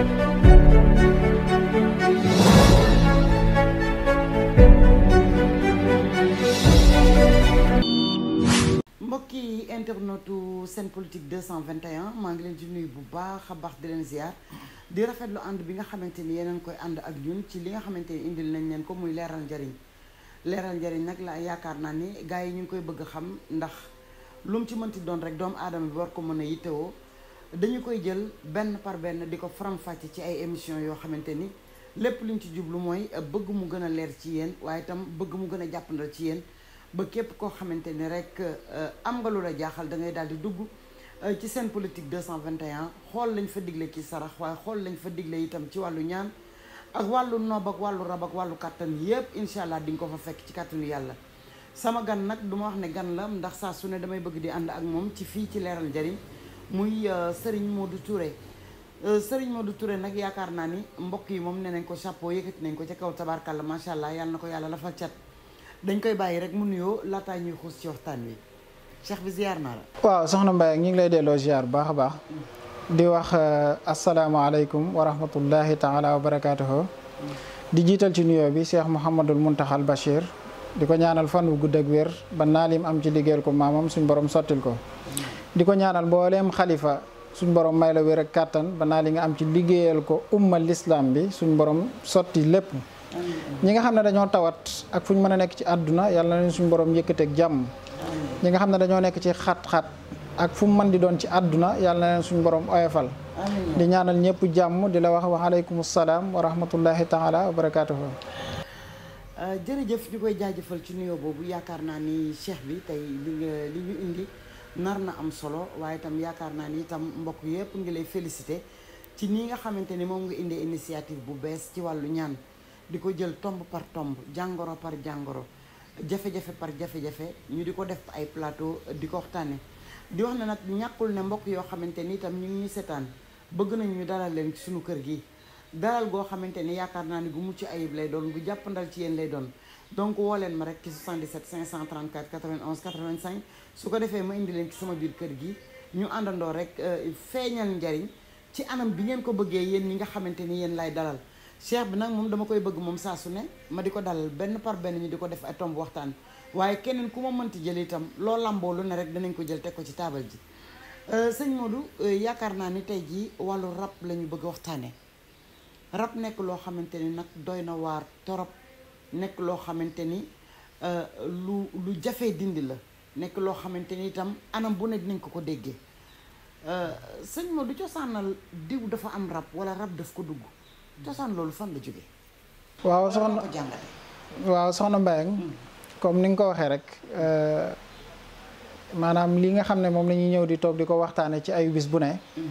mbokki internetu seen politique 221 maa ngi leen di bu baax a baax di leen ziar di rafetlu ànd bi nga xamante ni yeneen koy ànd ak ñun ci li nga xamante ni indil nañ leen ko muy leeral njariñ leeral njariñ nag la yaakaar naa ni gars yi ñu ngi koy bëgg a xam ndax lu mu ci mënti doon rek doomu aadama bi war ko mën a yittewoo dañu koy jël benn par benn di ko faram-fàcce ci ay émission yoo xamante ni lépp luñ ci jublu mooy euh, bëgg mu gën a leer ci yéen waaye tam bëgg mu gën a jàppandal ci yéen ba képp koo xamante ni rek euh, am nga lu la jaaxal da ngay daal di dugg euh, ci seen politique 221 xool lañ fa digle ci sarax waaye xool lañ fa digle itam ci wàllu ñaan ak wàllu noob ak wàllu rab ak wàllu yépp incha allah ko fa fekk ci kàttanu yàlla sama gan nag du ma wax ne gan la ndax saa su ne damay bëgg di ànd ak moom ci fii ci leeral njariñ muy Serigne eh, Modou Touré Serigne Modou Touré eh, nak yaakaar na ni mbokk yi mom nenañ ko chapeau yëkkati nañ ko ca kaw tabarkàlla macha allah yàlla na ko yàlla lafal cat dañ koy bàyyi rek mu nuyoo laataa ñuy xuus ci waxtaan wi cheikh bi ziar na la. waaw soxna Mbaye ngi lay ziar baax baax. di wax eh, alaykum wa rahmatullahi taala wa barakatuh di jital ci nuyo bi cheikh Mouhamadul Muntaxal bashir di ko ñaanal fan wu gudd ak wér ba naa am ci digel ko maamam suñ borom sottil ko. di ko ñaanal booleem xalifa suñ borom may la wér ak kàttan ba naa li nga am ci liggéeyal ko umma lislaam bi suñ borom sotti lépp ñi nga xam ne dañoo tawat ak fu ñu mën a nekk ci àdduna yàlla na leen suñ borom yëkkateeg jàmm ñi nga xam ne dañoo nekk ci xat-xat ak fu mën di doon ci àdduna yàlla na borom oyofal di ñaanal ñëpp jàmm di la wax wa aleykum salaam wa rahmatullahi taala wa barakaatuhu euh, jërëjëf ñu koy jaajëfal ci nuyoo boobu yaakaar naa ni cheikh bi tey li li ñu indi nar na am solo waaye itam yaakaar naa ni itam mbokk yëpp ngi lay félicité ci nii nga xamante ni moom nga indi initiative bu bees ci wàllu ñaan di ko jël tomb par tomb jàngoro par jàngoro jafe-jafe par jafe-jafe ñu di ko def ay plateau di ko waxtaane di wax ne nag ñàkkul ne mbokk yoo xamante ni itam ñu ngi ñu seetaan bëgg nañ ñu dalal leen ci suñu kër gi dalal goo xamante ni yaakaar naa ni gu mucc ayib lay doon bu jàppandal ci yenn lay doon donc woo leen ma rek ci 77 534 91 85 su ko defee ma indi leen ci sama biir kër gi ñu àndandoo rek euh, feeñal njariñ ci anam bi ngeen ko bëggee yéen ñi nga xamante lay dalal cheikh bi nag moom dama koy bëgg moom saa su ne ma ko dalal ben par benn ñu di ko def ay tomb waxtaan waaye keneen ku ma mënti jël itam loo lamboo lu ne rek danañ ko jël teg ko ci taabal ji euh, sëñ Modou euh, yaakaar naa ni tey jii wàllu rab la bëgg waxtaanee rab nekk loo xamante torop nekk loo xamante ni euh, lu lu jafee dindi la nekk loo xamante ni itam anam bu ne dinañ ko ko déggee euh, sëñ ma du cosaanal diw dafa am rab wala rab daf ko dugg cosaan loolu fan la jógee. waaw soxna waaw soxna Mbaye hmm. comme ni nga ko waxee rek euh, maanaam li nga xam ne moom la ñuy ñëw di toog di ko waxtaane ci ay bis bu ne. Hmm.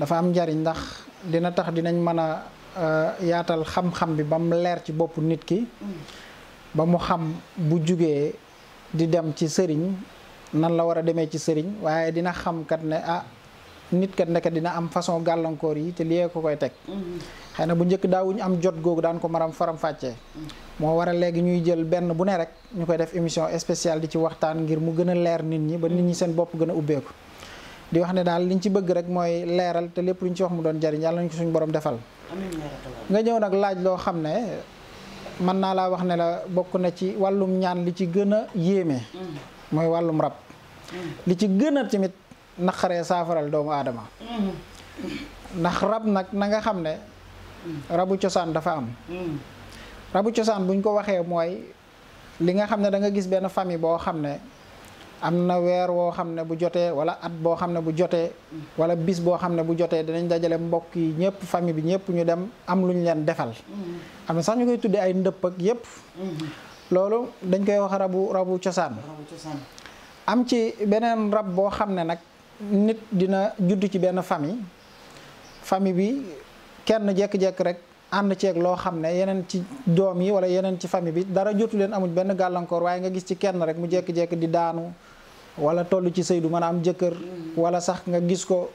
dafa am njariñ ndax dina tax dinañ mën a. Eh, yaatal xam-xam bi bam leer ci bop nit ki ba mu xam bu jugge di dem ci sëriñ nan la wara deme ci sëriñ waye dina xam kat ne ah nit kat nek dina am façon gàllankoor yi te liyee ko koy tek xena na bu njëkk daawuñu am jot googu daan ko maram faram-fàccee mo wara legi ñuy jël ben bu ne rek ñukoy def émission spéciale di ci waxtaan ngir mu gëna leer nit ñi ba nit ñi seen bop gëna a ko di wax ne daal liñ ci bëgg rek moy leeral te lépp luñ ci wax mu doon jariñ yalla ñu ko suñu borom defal nga ñëw nag laaj loo xam ne mën naa laa wax ne la bokk na ci wàllum ñaan li ci gën a yéeme. Mm. mooy wàllum rab. Mm. li ci gën a tamit naqaree saafaral doomu aadama. Mm-hmm. ndax rab nag na nga xam ne. Mm. rabu cosaan dafa am. rabu cosaan buñ ko waxee mooy li nga xam ne danga gis benn famille boo xam ne. am na weer woo xam ne bu jotee wala at boo xam ne bu jotee wala bis boo xam ne bu jotee danañ dajale mbokk yi ñëpp famille bi ñëpp ñu dem am lu leen defal mm-hmm. am na sax ñu koy tuddee ay ndëpp ak yëpp mm-hmm. dañ koy wax rabu rabu cosaan am ci beneen rab boo xam ne nag nit dina judd ci benn famille famille bi kenn jekk-jekk rek ànd ceeg loo xam ne yeneen ci doom yi wala yeneen ci famille bi dara jotu leen amul benn gàllankoor waaye nga gis ci kenn rek mu jekk-jekk di daanu wala toll ci sëy du mën a am jëkkër mm. wala sax nga gis ko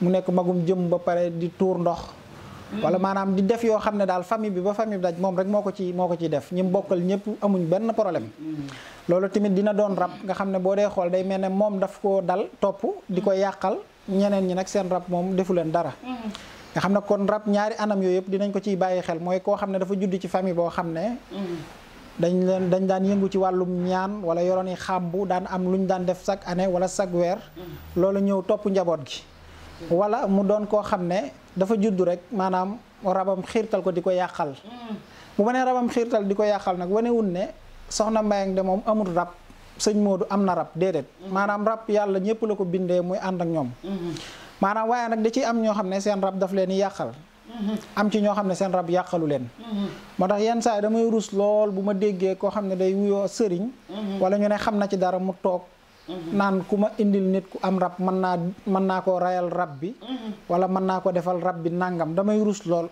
mu nekk magum jëm ba pare di tuur ndox mm. wala maanaam di def yoo xam ne daal famille bi ba famille daj moom rek moo ko ci moo ko ciy def ñi bokkal ñëpp amuñ benn problème mm. loolu tamit dina doon rab nga xam ne boo dee xool day mel ne moom daf koo dal topp di ko yàqal ñeneen ñi nag seen rab moom defu leen dara nga xam ne kon rab ñaari anam yooyu yëpp dinañ ko ciy bàyyi xel mooy koo xam ne dafa judd ci famille boo xam ne dañ leen dañ daan yëngu ci walum ñaan wala yoroni xambu dan am luñ daan def sak année wala sak weer loolu ñew top njabot gi wala mu doon ko xam dafa juddu rek manam rabam xirtal ko diko ko mu bané rabam xirtal diko ko nak wone wun ne soxna Mbayang de mom amul rab señ Modou am na rab dedet manam rab yalla ñepp lako bindé bindee muy ànd ak ñom manam mm-hmm. waaye nak da ci am ño xam seen rab daf leen am ci ñoo xam ne seen rab yàqalu leen mm-hmm. moo tax yenn saa yi damay ruus lool bu ma déggee koo xam ne day wuyoo sëriñ mm-hmm. wala ñu ne xam na ci dara mu toog mm-hmm. naan ku ma indil nit ku am rab mën naa mën naa koo reyal rab bi wala mën naa ko defal rab bi nàngam damay ruus lool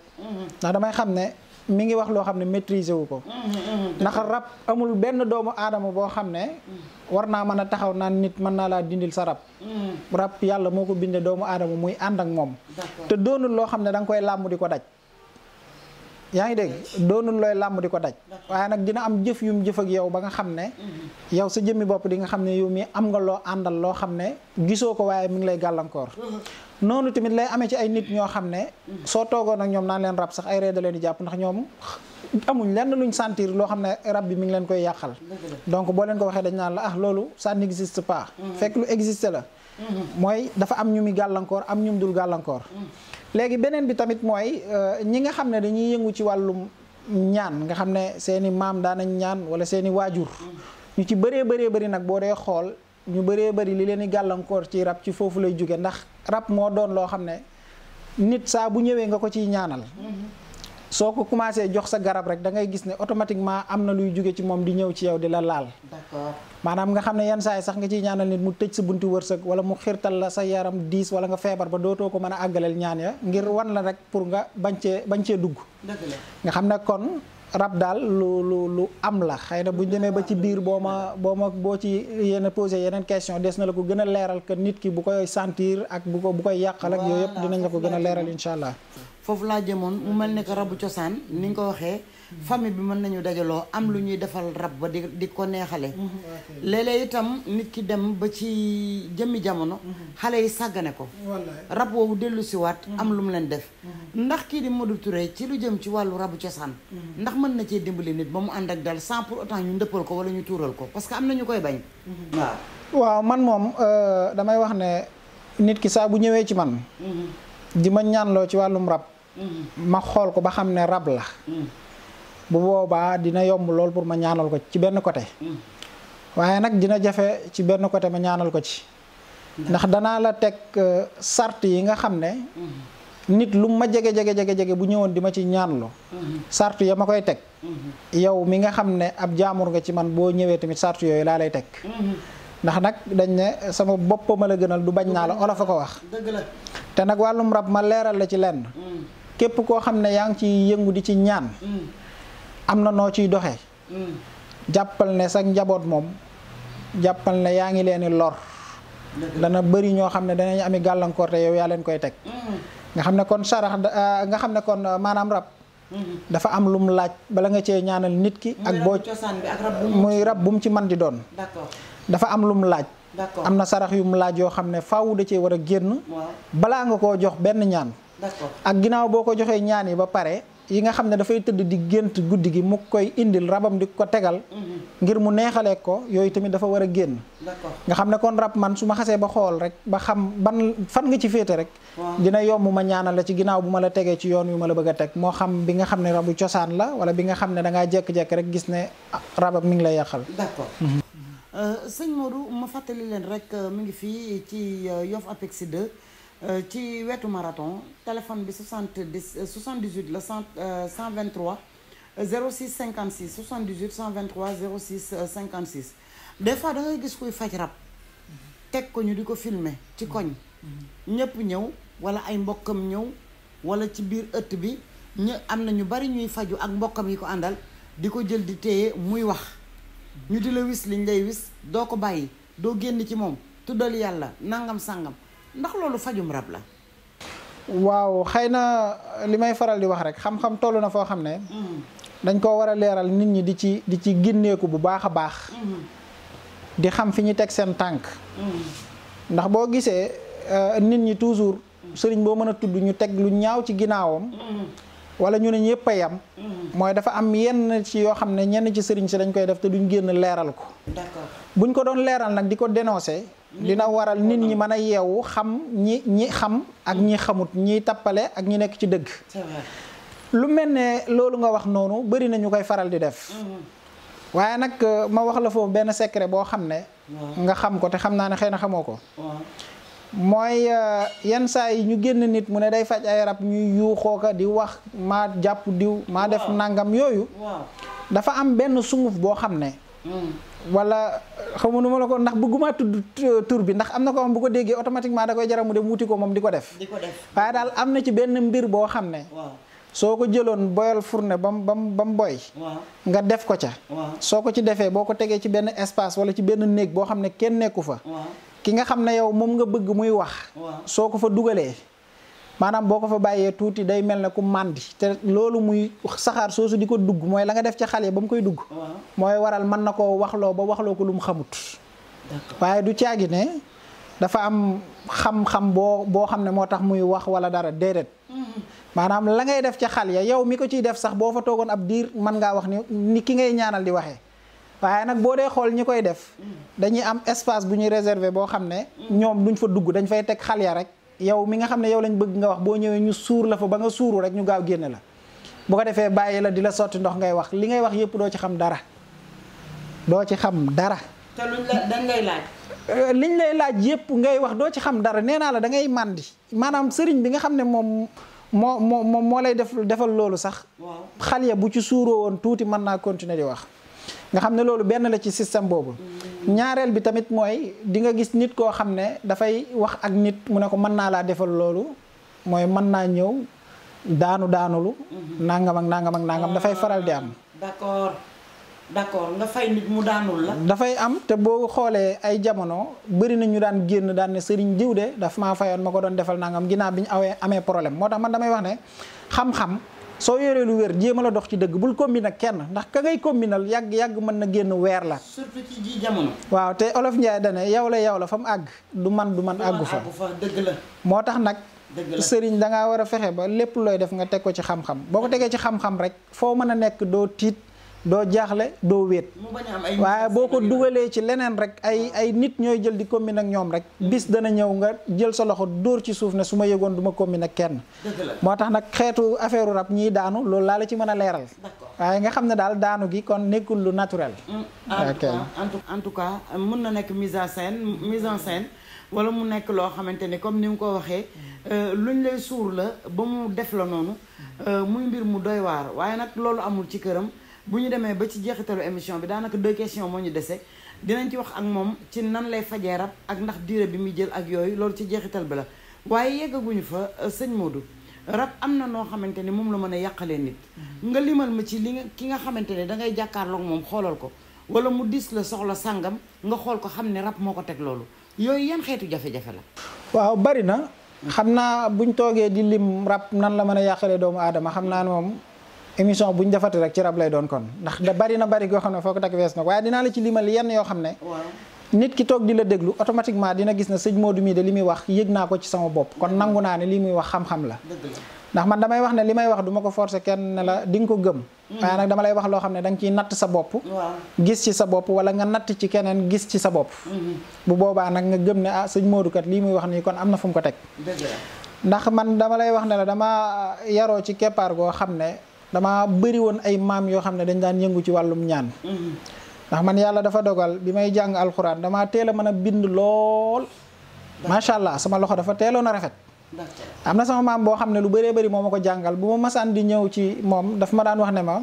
ndax damay xam ne mi ngi wax loo xam ne maîtriser wu ko. Mm-hmm, mm-hmm. ndax rab amul benn doomu aadama boo xam ne. Mm. war naa mën a taxaw naan nit mën naa laa dindil sa rab. Mm. rab yàlla moo ko bindee doomu aadama muy ànd ak moom. te doonul loo xam ne danga koy làmb di ko daj. yaa ngi dégg doonul looy làmb di ko daj waaye nag dina am jëf yum jëf ak yow ba nga xam ne mm-hmm. yow sa jëmmi bopp di nga xam ne yow mi am nga loo àndal loo xam ne gisoo ko waaye mu ngi lay gàllankoor noonu tamit lay amee ci ay nit ñoo xam ne soo toogoon ak ñoom naa leen rab sax ay ree da leen di jàpp ndax ñoom amuñ lenn luñ sentir loo xam ne rab bi mi ngi leen koy yàqal donc boo leen ko waxee dañ naan la ah loolu ça n'existe pas mm-hmm. fekk lu la mm-hmm. mooy dafa am ñumi gàllankoor am ñum dul gàllankoor mm-hmm. léegi beneen bi tamit mooy euh, ñi nga xam ne dañuy yëngu ci wàllum ñaan nga xam ne seeni maam daanañ ñaan wala seeni waajur ñu ci bëree bëree bëri nag boo dee xool ñu bëree bari li leen di gàllankoor ci rab ci foofu lay jóge ndax rab moo doon loo xam ne nit saa bu ñëwee nga ko ciy ñaanal soo ko commencé jox sa garab rek da ngay gis ne automatiquement am na luy jóge ci moom di ñëw ci yow di la laal d'accord maanaam nga xam ne yenn saa yi sax nga ciy ñaanal nit mu tëj sa buntu wërsëg wala mu xirtal la sa yaram diis wala nga feebar ba dootoo ko mën a àggaleel ñaan ya ngir wan la rek pour nga bañ cee bañ cee dugg nga xam ne kon rab daal lu lu lu am la xëy na buñ demee ba ci biir boo ma boo ma boo ci yenn posé yeneen question des na la ko gën a leeral que nit ki bu koy sentir ak bu ko bu koy yàq ak yooyu yëpp dinañ la ko gën a leeral incha allah foofu laa jëmoon mu mel ne rabu cosaan ni nga ko waxee famille bi mën nañu dajaloo am lu ñuy defal rab ba di di ko neexale mm-hmm. léeg itam nit ki dem ba ci jëmmi jamono mm-hmm. xale yi sàggane ko rab woowu dellu siwaat mm-hmm. am lu mu leen def ndax kii di Modou Touré ci lu jëm ci wàllu rabu cosaan ndax mën na cee dimbali nit ba mu ànd ak dal sans pour autant ñu ndëppal ko wala ñu tuural ko parce que am na ñu koy bañ waaw waaw man moom euh, damay wax ne nit ki saa bu ñëwee ci man di ñaanloo ci wàllum rab ma xool ko ba xam ne rab la bu boobaa dina yomb lool pour ma ñaanal ko ci benn côté waaye nag dina jafe ci benn côté ma ñaanal ko ci ndax danaa la teg euh, sart yi nga xam ne nit lu ma jege jege jege jege bu ñëwoon di ma ci ñaanlu sart ya ma koy teg yow mi nga xam ne ab jaamur nga ci man boo ñëwee tamit sart yooyu laa lay teg ndax nag dañ ne sama bopp ma la gënal du bañ naa la olof a ko wax te nag wàllum rab ma leeral la ci lenn képp koo xam ne yaa ngi ci yëngu di ci ñaan mm. am na noo ciy doxe mm. jàppal ne sax njaboot moom jàppal ne yaa ngi leen lor dana bari ñoo xam ne danañ ami gàllankoor te yow yaa leen koy teg mm. nga xam ne kon sarax ah, nga xam ne kon ah, maanaam rab mm-hmm. dafa am lum laaj bala nga cee ñaanal nit ki ak boo muy rab bu mu ci man di doon dafa am lum laaj am na sarax yu mu laaj yoo xam ne faw da cee war a génn balaa nga koo jox benn ñaan d'accord ak ginnaaw boo ko joxee ñaan yi ba pare yi nga xam ne dafay tëdd di gént guddi gi mu koy indil rabam di ko tegal mhm. ngir mu neexalee ko yooyu tamit dafa war a génn nga xam ne kon rab man su ma xasee ba xool rek ba xam ban fan nga ci féete rek dina yomb ma ñaanal la ci ginnaaw bu ma la tegee ci yoon wi ma la bëgg a teg moo xam bi nga xam ne rabu cosaan la wala bi nga xam ne da ngaa jekk-jekk rek gis ne ah, rabam mi ngi lay yàqal d'accord mhm. euh, sëñ ma fàttali leen rek euh, mi ngi fii ci euh, Yoff Apecsy Euh, ci wetu maraton téléphone bi 70 78 euh, la 123 06 56 78 123 06 56 des fois da ngay gis kuy faj rab teg ko ñu di ko filme ci koñ ñëpp ñëw wala ay mbokkam ñëw wala ci biir ëtt bi ñu am na ñu bari ñuy faju ak mbokkam yi ko àndal di ko jël di téye muy wax ñu di la wis liñ lay wis doo ko bàyyi doo génn ci moom tuddal yàlla nangam sàngam ndax loolu fajum rab la. waaw xëy na li may faral di wax rek xam-xam toll na foo xam ne. Mm-hmm. dañ koo war a leeral nit ñi di ci di ci ginneeku bu baax a baax. Mm-hmm. di xam fi ñu teg seen tànk. Mm-hmm. ndax boo gisee euh, nit ñi toujours sëriñ boo mën a tudd ñu teg lu ñaaw ci ginnaawam. wala ñu ne ñëpp a yam mhm. mooy dafa am yenn ci yoo xam ne ñenn ci sëriñ si dañ koy def te duñ génn leeral ko. d'accord buñ ko doon leeral nag di ko dénoncer. Mhm. dina waral nit ñi mën a yeewu xam ñi ñi xam ak ñi xamut ñiy tappale ak ñi nekk ci dëgg. lu mel ne loolu nga wax noonu bëri nañu koy faral di def. Mhm. waaye nag euh, ma wax la foofu benn secret boo xam ne. nga xam ko te xam naa ne xëy na xamoo ko. moy eh, yeen say ñu genn nit mu ne day fajj ay rap ñuy yu xoka di wax ma japp diw ma def nangam yoyu dafa am benn sunguf bo xamne ne mm. wala xamunu nu ma la ko ndax bëgguma tudd tour bi ndax amna na ko am bu ko déggé automatiquement da koy jaram mu dem wuti ko moom ko def waaye daal am na ci benn mbir bo xamne ne So boyal fourné bam bam bam boy nga def ko ca soko ci défé boko téggé ci benn espace wala ci benn néeg bo xam ne kenn nekku fa ki nga xam ne yow moom nga bëgg muy wax soo ko fa dugalee maanaam boo ko fa bàyyee tuuti day mel ne ku màndi te loolu muy saxaar soosu di ko dugg mooy la nga def ca xale ba mu koy dugg mooy waral mën na koo waxloo ba waxloo ko lu mu xamut waaye du caagi ne dafa am xam-xam boo boo xam ne moo tax muy wax wala dara déedéet mm-hmm. maanaam la ngay def ca xal ya yow mi ko ciy def sax boo fa toogoon ab diir mën ngaa wax ni ni ki ngay ñaanal di waxee waaye nag boo dee xool ñi koy def dañuy am espace bu ñuy réserver boo xam ne ñoom duñ fa dugg dañ fay teg xal rek yow mi nga xam ne yow lañ bëgg nga wax boo ñëwee ñu suur la fa ba nga suuru rek ñu gaaw génne la bu ko defee bàyyi la di la sotti ndox ngay wax li ngay wax yëpp doo ci xam dara doo ci xam dara. te luñ la dañ euh, liñ lay laaj yëpp ngay wax doo ci xam dara nee naa la da ngay màndi maanaam sëriñ bi nga xam ne moom moo moo moo lay def defal loolu sax. xal ya bu ci suuroo woon tuuti mën naa continuer di wax. nga xam ne loolu benn la ci système boobu. ñaareel bi tamit mooy di nga gis nit koo xam ne dafay wax ak nit mu ne ko mën naa laa defal loolu mooy mën naa ñëw daanu daanulu. nangam ak nangam ak nangam dafay faral di am. d'accord d'accord nga fay nit mu daanul la. dafay am te boo xoolee ay jamono bëri na ñu daan génn daan ne sëriñ jiw de dafa maa fayoon ma ko doon defal nangam ginnaaw bi ñu awee amee problème moo tax man damay wax ne xam-xam. soo yéree lu wér jéem a la dox ci dëgg bul nag kenn ndax ka ngay combinal yàgg yàgg mën na génn weer la. surtout ci waaw te olof Ndiaye da ne yow la yow la fa mu àgg du man du man àggu fa dëgg la. moo tax nag. sëriñ da ngaa war a fexe ba lépp looy def nga teg ko ci xam-xam boo ko tegee ci xam-xam rek foo mën a nekk doo tiit. doo jaaxle doo wéet waaye boo ko dugalee ci leneen rek ay ay nit ñooy jël di commune ak ñoom rek hmm. bis dana ñëw nga jël sa loxo dóor ci suuf ne su ma yegoon duma ma commune kenn moo tax nag xeetu affaire rab ñiy daanu loolu laa la ci mën a leeral waaye nga xam ne daal daanu gi kon nekkul lu naturel hmm. ok en tout cas mën na nekk mise en scène mise en scène wala mu nekk loo xamante ni comme ni mu ko waxee lu euh, luñ lay suur la ba mu def la noonu hmm. euh, muy mbir mu doy waar waaye nag loolu amul ci këram bu ñu demee ba ci jeexitalu émission bi daanaka deux questions moo ñu dese dinañ ci wax ak moom ci nan lay fajee rab ak ndax durée bi muy jël ak yooyu loolu ci jeexital bi la waaye yeggaguñu fa euh, sëñ Modou rab am na noo xamante ni moom la mën a yàqalee nit mm-hmm. nga limal ma ci li nga ki nga xamante ne dangay jàkkaarloog moom xoolal ko wala mu dis la soxla sàngam nga xool ko xam ne rab moo ko teg loolu yooyu yan xeetu jafe-jafe la waaw bari na xam naa buñ toogee di lim rab nan la mën a yàqalee doomu aadama xam naa émission buñ ñu rek ci rab lay doon kon ndax da bari na bari go xam foko tak wess nak wees dina la ci limal yenn yo nit ki tok di la déglu automatiquement dina gis na seigne Modou mi de limi wax ko ci sama bop kon nanguna ni limi wax xam-xam la ndax man damay wax ne limay wax duma ko forcer kenn ne la ding ko gëm mm. waaye nak dama lay wax lo ne ci nat sa bop gis ci sa bop wala nga nat ci kenen gis ci sa bop mm-hmm. bu boba, nak nga gëm ne ah seigne Modou kat limi wax ni kon amna fum ko tek ndax man dama lay wax ne la dama yaro ci képar go xamné dama beri won ay mam yo xamne dañ dan yëngu ci walum ñaan mm-hmm. ndax man yalla dafa dogal bi may jang alquran dama teel mëna bind lool machallah sama loxo dafa télo na rafet amna sama mam bo xamne lu bëree bëri momako jangal bu ma masaan di ñew ci mom daf ma dan wax ne ma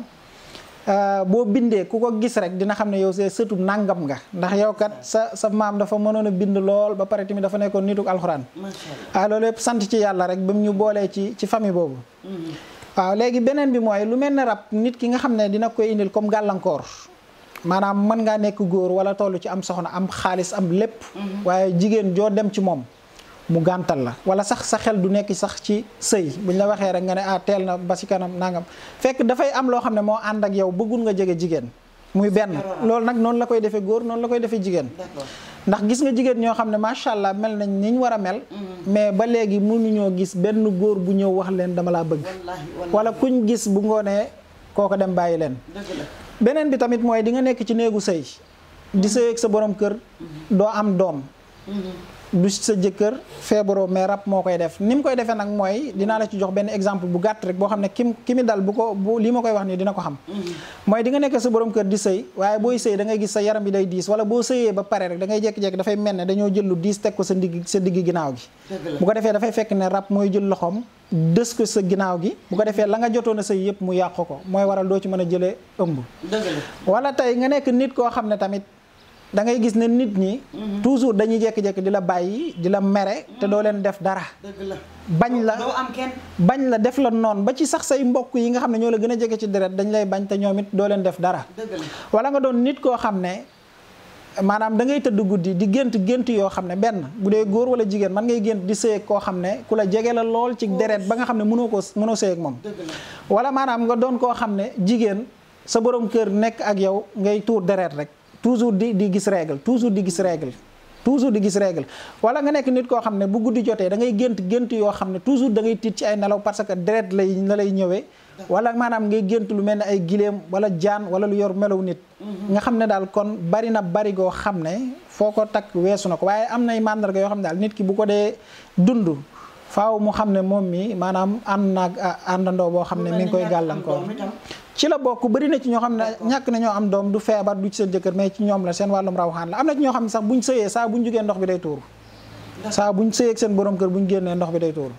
euh, bo bindé ku ko gis rek dina xamne yow see sëtub nangam nga ndax yow kat sa sa mam dafa mënon bind lool ba paré timi dafa nekkon nituk alquran machallah a ah, lolé sante ci yalla rek bam ñu bolé ci ci famille bobu mm-hmm. waaw léegi beneen bi mooy lu mel ne rab nit ki nga xam ne dina koy indil comme gàllankoor maanaam mën ngaa nekk góor wala toll ci am soxna am xaalis am lépp. Mhm. waaye jigéen joo dem ci moom mu gàntal la. wala sax sa xel du nekk sax ci sëy buñ la waxee rek nga ne ah teel na ba si kanam nangam fekk dafay am loo xam ne moo ànd ak yow bëggul nga jege jigéen. muy benn loolu nag noonu la koy defee góor noonu la koy defee jigéen. ndax gis nga jigéen ñoo xam ne macha allah mel nañ ni ñu war a mel. Mm-hmm. mais ba léegi mu ñoo gis benn góor bu ñëw wax leen dama laa bëgg. wala kuñ gis bu ngoonee kooko dem bàyyi leen. beneen bi tamit mooy di nga nekk ci néegu sëy. di mm-hmm. sëy ak sa borom kër. Mm-hmm. doo am doom. du sa jëkkër feebaroo mais rab moo koy def ni mu koy defee nag mooy dinaa la ci jox benn exemple bu gàtt rek boo xam ne kim ki mi dal bu ko bu lii ma koy wax nii dina ko xam mm-hmm. mooy di nga nekk ne dañoo jël lu diis teg ko sa ndigg sa digg ginnaaw gi bu ko defee dafay fekk ne rab mooy jël loxoom dës ko sa ginnaaw gi bu ko defee la nga jotoon a sëy yëpp mu yàq ko mooy waral doo ci mën a jëlee ëmb wala tey nga nekk nit koo xam ne tamit da ngay gis ne nit ñi. Mhm. toujours dañuy jékki-jékki di la bàyyi di la mere te doo leen def dara. bañ la doo bañ la def la noon ba ci sax say mbokk yi nga xam ne ñoo la gën a jege ci deret dañ lay bañ te ñoom it doo leen def dara. wala nga doon nit koo xam ne. maanaam da ngay tëdd guddi di gént gént yoo xam ne benn bu dee góor wala jigéen man ngay gént di sëyeeg koo xam ne ku la jege la lool ci oh. deret ba nga xam ne mënoo ko mënoo sëyeeg moom wala maanaam nga doon koo xam ne jigéen sa borom kër nekk ak yow ngay tuur deret rek toujours di di gis règle toujours di gis règle toujours di gis règle wala nga nekk nit koo xam ne bu guddi jotee da ngay gént gént yoo xam ne toujours dangay ngay tiit ci ay nelaw parce que deret lay na lay ñëwee wala maanaam ngay gént lu mel ne ay giléem wala jaan wala lu yor melaw nit mhm. nga xam ne daal kon bari na bari goo xam ne foo ko takk weesu na ko waaye am nay màndarga yoo xam ne daal nit ki bu ko dee dund faaw mu xam ne moom mii maanaam ànd naag àndandoo boo xam ne mi ngi koy gàllankoor ci la bokk bari na ci ñoo xam ne ñàkk na ñoo am doom du feebar du ci seen jëkkër mais ci ñoom la seen wàllum rawxaan la am na ci ñoo xam ne sax buñ sëyee saa buñ jugee ndox bi day tuuru saa buñ sëyee ak seen borom kër bu ñu génnee ndox bi day tuuru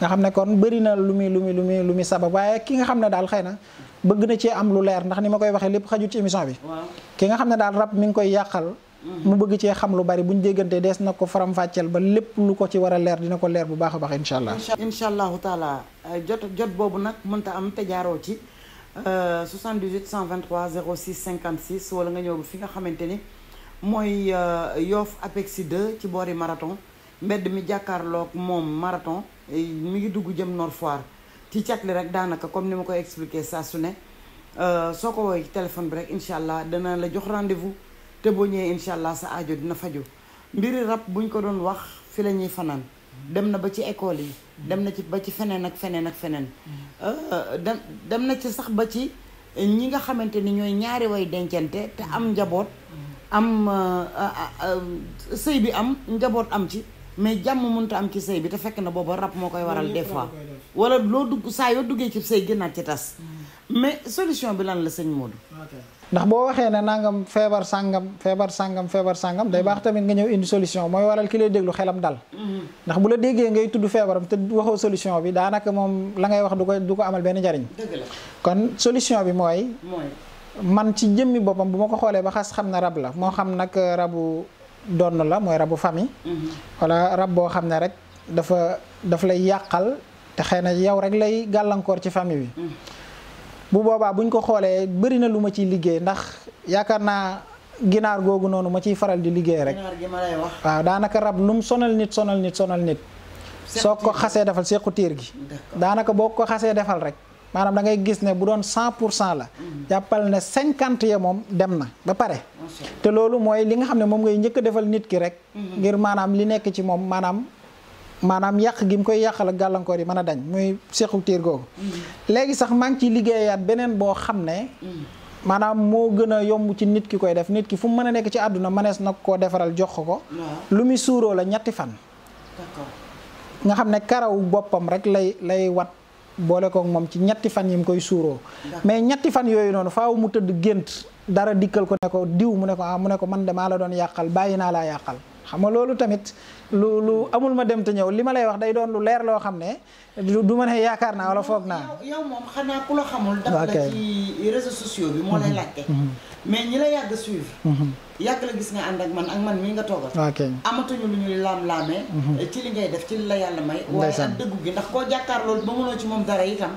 nga xam ne kon bari na lu muy lu muy lu muy lu muy sabab waaye ki nga xam ne daal xëy na bëgg na ci am lu leer ndax ni ma koy waxee lépp xajut ci émission bi ki nga xam ne daal rab mi ngi koy yàqal mm-hmm. mu bëgg cee xam lu bari buñ déggante dees na ko faram fàcceel ba lépp lu ko ci war a dina ko leer bu baax a baax incha allah incha allahu taala jot jot boobu nag mënta am te jaaroo ci 78 123 06 56 wala nga ñëw fi nga xamante ni euh, Yoff Apexi 2 ci boori marathon mbedd mi jàkkaarloog mom marathon eh, mi ngi dugg jëm Nord Foire ci chat li rek danaka comme nima ma koy expliqué saa su ne euh, téléphone rek inshallah allah dana la jox rendez-vous te boo ñëwee ça a sa aajo dina faju mbiri rab buñ ko doon wax fi lañuy dem na ba ci école yi. dem na ci ba ci feneen ak feneen ak feneen. Euh, dem dem na ci sax ba ci ñi nga xamante ni ñooy ñaari way dencante te am njaboot. am euh, euh, sëy bi am njaboot am ci. mais jàmm mënut am ci sëy bi te fekk na booba rab moo koy waral des fois. wala loo dugg saa yoo duggee ci sëy gënaat ci tas. Mm. mais solution bi lan la sëñ Modou. ndax boo waxee ne nangam feebar sàngam feebar sàngam feebar sàngam day baax tamit nga ñëw indi solution mooy waral ki lay déglu xelam dal mm-hmm. ndax bu la déggee ngay tudd feebaram te waxoo solution bi daanaka moom la ngay wax du ko du ko amal benn njariñ kon solution bi mooy man ci jëmmi boppam bu ma ko xoolee ba xas xam na rab la moo xam nag rabu donn la mooy rabu famille mm-hmm. wala rab boo xam ne rek dafa daf lay yàqal te xëy na yow rek lay gàllankoor ci famille bi mm-hmm. bu boobaa bu ñu ko xoolee bëri na lu ma ciy liggéey ndax yaakaar naa ginaar googu noonu ma ciy faral di liggéey rek. ma lay wax. waaw daanaka rab lu sonal nit sonal nit sonal nit. soo ko xasee defal sequ tiir gi. daanaka boo ko xasee defal rek. maanaam da ngay gis ne bu doon cent pour cent la. Mhm. jàppal ne cinquante ya moom dem na ba pare. te loolu mooy li nga xam ne moom ngay njëkk defal nit ki rek. Mhm. ngir maanaam li nekk ci moom maanaam. maanaam yàq gi mu koy yàqal ak gàllankoor yi mën a dañ muy sequ tiir googu mm-hmm. léegi sax maa ngi ciy liggéeyaat beneen boo xam ne mm-hmm. maanaam moo gën a yomb ci nit ki koy def nit ki fu mu mën a nekk ci àdduna manees nag koo defaral jox ko lu muy suuroo la ñetti fan nga xam ne karaw boppam rek lay lay wat boole koog moom ci ñetti fan yi mu koy suuroo mais ñetti fan yooyu noonu faaw mu tëdd gént dara dikkal ko ne ko diw mu ne ko ah mu ne ko man demaa la doon yàqal bàyyi naa laa yàqal lu lu amul ma dem te ñëw li ma lay wax day doon lu leer loo xam ne du ma ne yaakaar naa wala foog naa. yow moom bi moo lay mhm. Mhm. la yàgg suivre. Mhm. yàgg la gis nga man ak man mii nga toogal. amatuñu lu ñuy laam-laamee. ci li ngay def ci li la yàlla may. waaye ak gi ndax koo jàkkaar loolu ba mënoo ci moom dara itam.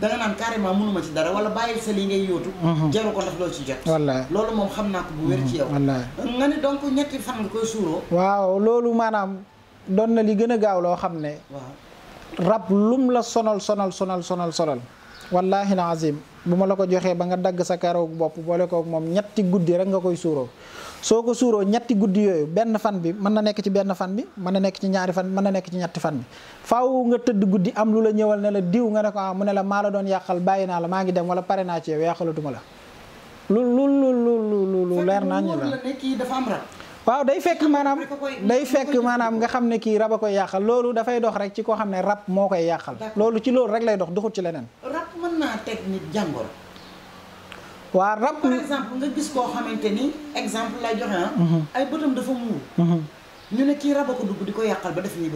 danga naan carrément mënuma ci dara wala bàyyil sa lii ngay yóotu. jaru ko ndax loo ci jot. wallaay loolu moom xam naa ko bu wér ci yow. nga ne donc ñetti fan nga koy suuroo. waaw loolu maanaam Don na li gëna gaaw lo rap lum la sonal sonal sonal sonal sonal wallahi na azim bu la ko joxee ba nga dag sa karoog bopp ko ak mom ñetti guddii rek nga koy suuro soko ko ñetti guddii yoy ben fan bi man na nek ci ben fan bi man na nek ci ñaari fan man na nek ci ñetti fan bi faaw nga teud guddii am lu la ne la diiw nga ne ko ah, mu ne la mala doon yàqal la ma ngi dem wala paré na ci yow la lu lu lu lu lu leer la waaw day fekk maanaam day fekk maanaam nga xam ne kii rab a koy yàqal loolu dafay dox rek ci koo xam ne rab moo koy yàqal. loolu ci loolu rek lay dox du doxut ci leneen. rab mën naa teg nit jàngoro. waa rab gis koo exemple lay joxe ah. mhm. ay bëtam dafa muur. Mhm. ñu ne kii rab di ko yàqal ba def ñuy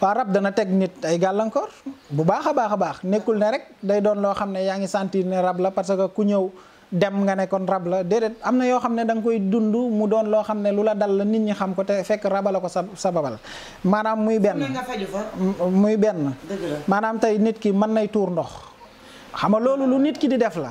waaw rab dana teg nit ay gàllankoor bu baax a baax a baax nekkul ne rek day doon loo xam ne yaa ngi sentir ne rab la parce que ku ñëw. dem nga ne kon rab la déedéet am na yoo xam ne da nga koy dund mu doon loo xam ne lu la dal nit ñi xam ko te fekk rabala ko sa sababal maanaam muy benn muy benn maanaam tey nit ki mën nay tuur ndox xam nga loolu lu nit ki di def la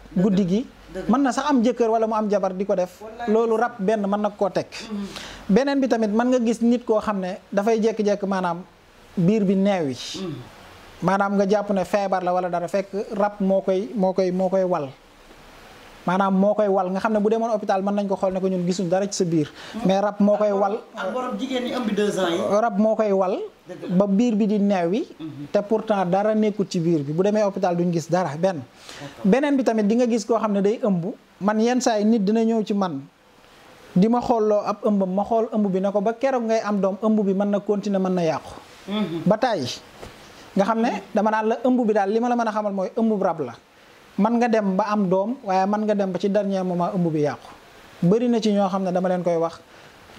guddi gi mën na sa am jëkkër wala mu am jabar di ko def loolu rab benn mën nag koo teg mm-hmm. beneen bi tamit mën nga gis nit koo xam ne dafay jékki-jékki maanaam biir bi neew yi mm-hmm. maanaam nga jàpp ne feebar la wala dara fekk rab moo koy moo koy moo koy wal maanaam moo koy wal nga xam ne bu demoon hôpital mën nañ ko xool ne ko ñun gisuñ dara ci sa biir mais rab moo koy wal ak borom rab moo koy wal ba biir bi di neew yi mhm. te pourtant dara nekkul ci biir bi bu demee hôpital duñ gis dara benn beneen bi tamit di nga gis koo xam ne day ëmb man yenn saa yi nit dina ñëw ci man di ma xoolloo ab ëmbam ma xool ëmb bi ne ko ba keroog ngay am doom ëmb bi mën na continuer mën na yàqu mhm. ba tàyyi nga xam ne dama naan la ëmb bi daal li ma la mën a xamal mooy ëmb rab la man nga dem ba am doom waaye man nga dem ba ci dernier moment ëmb bi yàqu bëri na ci ñoo xam ne dama leen koy wax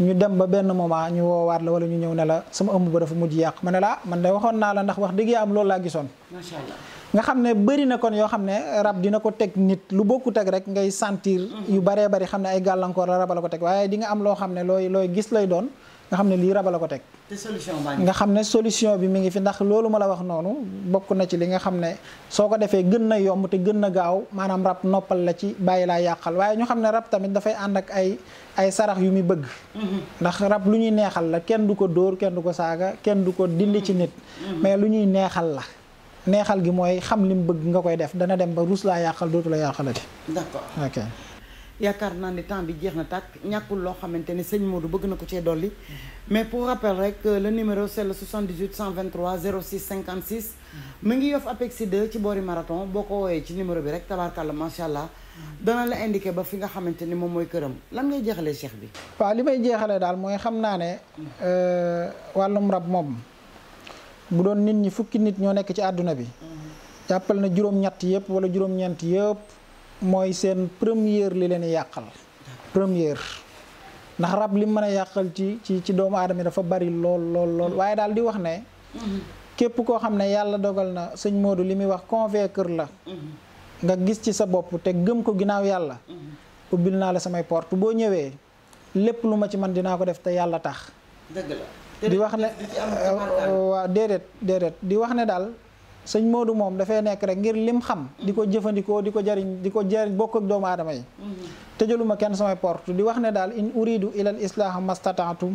ñu dem ba benn moment ñu woowaat la wala ñu ñëw ne la sama ëmb ba dafa mujj yàq ma ne la ah, man de waxoon naa la ndax wax dëgg yaa am loolu laa gisoon. macha allah nga xam ne bëri na kon yoo xam ne rab dina ko teg nit lu bokk teg rek ngay sentir. Mhm. yu baree bari xam ne ay gàllankoor la rab la ko teg waaye di am loo xam ne looy looy gis lay doon. nga xam ne lii raba la ko teg. solution nga xam ne solution bi mu ngi fi ndax loolu ma la wax noonu bokk na ci li nga xam ne soo ko defee gën na yomb te gën na gaaw maanaam rab noppal la ci bàyyi laa yàqal waaye ñu xam ne rab tamit dafay ànd ak ay ay sarax yu muy bëgg. Mm-hmm. ndax rab lu ñuy neexal la kenn du ko dóor kenn du ko saaga kenn du ko dind ci nit. Mm-hmm. mais lu ñuy neexal la. neexal gi mooy xam li mu bëgg nga koy def dana dem ba ruus laa yàqal dootu la yàqalati. d'accord yaakaar naa ne temps bi jeex na tàkk ñàkkul loo xamante ne Modou bëgg na ko ci doli mais pour rappel rek euh, le numéro c'est le 78 123 06 56 mi ngi yof apex 2 ci bori marathon boko ko ci numéro bi rek tabaarkàlla macha allah dana la indiquer ba fi nga xamantene mom moy kërëm lan ngay jeexalee cheikh bi waaw limay may dal moy xamna né euh walum rab mom bu doon nit ñi fukki nit ñoo nek ci aduna bi jappel na juroom ñatt yépp wala juroom ñent yépp mooy seen première li leen yàqal première ndax rab li mën a yàqal ci ci ci doomu aadama dafa bari lool lool lool waaye daal di wax ne képp koo xam ne yàlla dogal na sëñ Modou li muy wax kër la nga gis ci sa bopp te gëm ko ginnaaw yàlla ubbil naa la samay porte boo ñëwee lépp lu ma ci man dinaa ko def te yàlla tax di wax ne waaw déedéet déedéet di wax ne daal sëñ Modou moom dafay nekk rek ngir lim xam di ko jëfandikoo di ko jariñ di ko jariñ bokk ak doomu aadama yi mm-hmm. tëjaluma kenn samay porte di wax ne daal in uridu ilal islaaha mastataatum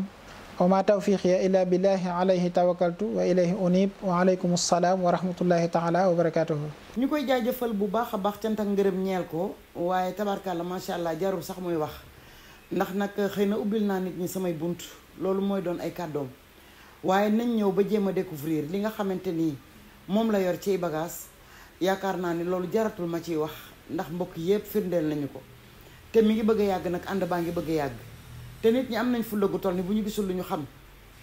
wa ma tawfiqiya illa billahi alayhi tawakkaltu wa ilayhi unib wa aleykum assalaam wa rahmatullahi taala wa koy jaajëfal bu baax a baax cant ak ngërëm ñeel ko waaye tabarkàlla macha allah jarul sax muy wax ndax nag xëy na ubbil naa nit ñi samay bunt loolu mooy doon ay kàddoom waaye nañ ñëw ba jéem a découvrir li nga xamante nii moom la yor ciy bagage yaakaar naa ni loolu jaratul ma ciy wax ndax mbokk yépp firndeel nañu ko te mi ngi bëgg yàgg nag ànd baa ngi bëgg yàgg te nit ñi am nañ fulla gu toll ni bu ñu gisul lu ñu xam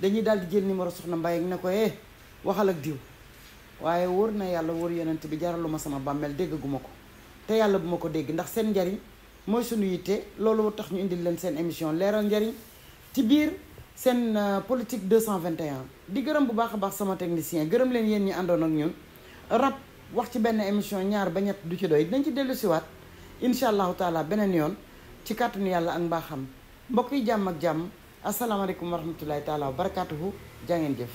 dañuy daal di jël numéro soxna Mbaye ne ko eh waxal ak diw waaye wóor na yàlla wóor yonent bi jaraluma sama bàmmeel déggaguma ko te yàlla bu ma ko dégg ndax seen njariñ mooy sunu yitte loolu tax ñu indil leen seen émission leeral njariñ ci biir seen euh, politique 221 di gërëm bu baax a baax sama technicien gërëm leen yéen ñi àndoon ak ñun rab wax ci benn émission ñaar ba ñett du ci doy dinañ ci dellu siwaat incha allahu taala beneen yoon ci kàttanu yàlla ak mbaaxam mbokk yi jàmm ak jàmm asalaamaaleykum wa rahmatullahi taala wa barakatuhu jaa ngeen jëf